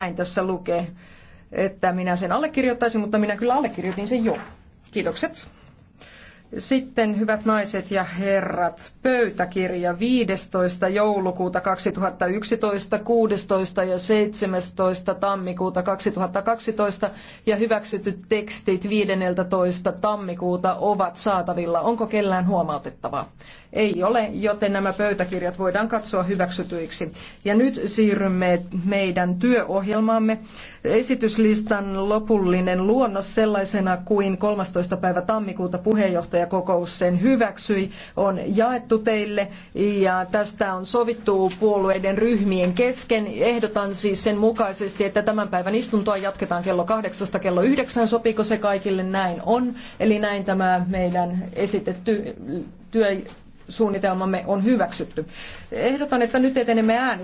näin tässä lukee, että minä sen allekirjoittaisin, mutta minä kyllä allekirjoitin sen jo. Kiitokset. Sitten, hyvät naiset ja herrat, pöytäkirja 15. joulukuuta 2011, 16. ja 17. tammikuuta 2012 ja hyväksytyt tekstit 15. tammikuuta ovat saatavilla. Onko kellään huomautettavaa? Ei ole, joten nämä pöytäkirjat voidaan katsoa hyväksytyiksi. Ja nyt siirrymme meidän työohjelmaamme. Esityslistan lopullinen luonnos sellaisena kuin 13. päivä tammikuuta puheenjohtaja puheenjohtajakokous sen hyväksyi, on jaettu teille ja tästä on sovittu puolueiden ryhmien kesken. Ehdotan siis sen mukaisesti, että tämän päivän istuntoa jatketaan kello kahdeksasta kello yhdeksään. Sopiiko se kaikille? Näin on. Eli näin tämä meidän esitetty työ suunnitelmamme on hyväksytty. Ehdotan, että nyt etenemme äänestä.